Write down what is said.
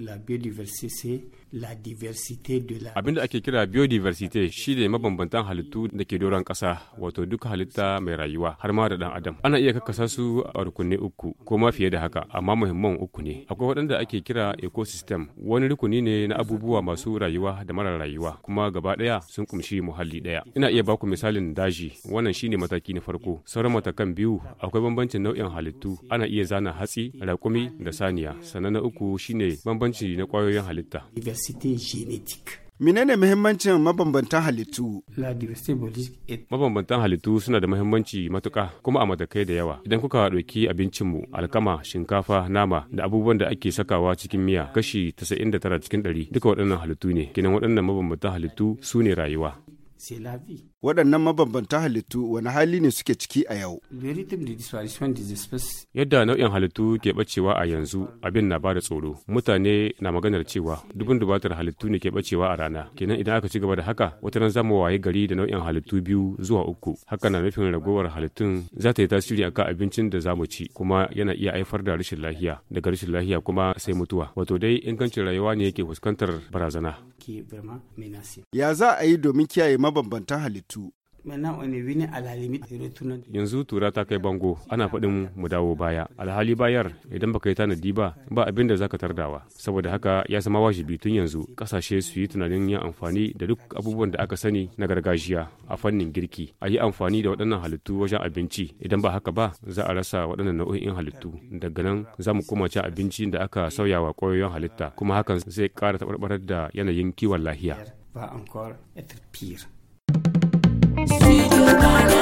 la biodiversité c'est la diversité de la da ake kira biodiversité shine mabambantan halittu da ke doron ƙasa wato duk halitta mai rayuwa har ma da ɗan adam ana iya kakkasa su a rukunni uku ko ma fiye da haka amma muhimman uku ne akwai waɗanda ake kira ecosystem wani rukuni ne na abubuwa masu rayuwa da mara rayuwa kuma gaba ɗaya sun kumshi muhalli ɗaya ina iya baku misalin daji wannan shine mataki na farko sauran matakan biyu akwai bambancin nau'in halittu ana iya zana hatsi raƙumi da saniya sannan uku shine bambancin bambanci na ƙwayoyin halitta Menene muhimmancin mabambantan halittu? Mabambantan halittu suna da muhimmanci matuka kuma a matakai da yawa. Idan kuka ɗauki abincinmu, alkama, shinkafa, nama da abubuwan da ake sakawa cikin miya kashi 99 cikin 100 duka waɗannan halittu ne. Kinan waɗannan mabambantan halittu su ne rayuwa. waɗannan mabambanta halittu wani hali ne suke ciki a yau. Yadda nau'in halittu ke bacewa a yanzu abin na bada tsoro. Mutane na maganar cewa dubin dubatar halittu ne ke bacewa a rana. Kenan idan aka ci gaba da haka wata nan zama waye gari da nau'in halittu biyu zuwa uku. Haka na nufin ragowar halittun za ta yi tasiri akan abincin da za mu ci kuma yana iya haifar da rashin lahiya Daga rashin lahiya kuma sai mutuwa. Wato dai ingancin rayuwa ne yake fuskantar barazana. Ya za a yi domin kiyaye mabambanta halittu? hutu. yanzu tura ta kai bango ana faɗin mu dawo baya alhali bayar idan baka yi tanadi ba ba abin da zaka tardawa saboda haka ya zama wajibi tun yanzu kasashe su yi tunanin yin amfani da duk abubuwan da aka sani na gargajiya a fannin girki a yi amfani da waɗannan halittu wajen abinci idan ba haka ba za a rasa waɗannan nau'o'in halittu daga nan za mu koma cin abinci da aka sauyawa ƙwayoyin halitta kuma hakan zai ƙara taɓarɓarar da yanayin kiwon lahiya. you Ghana.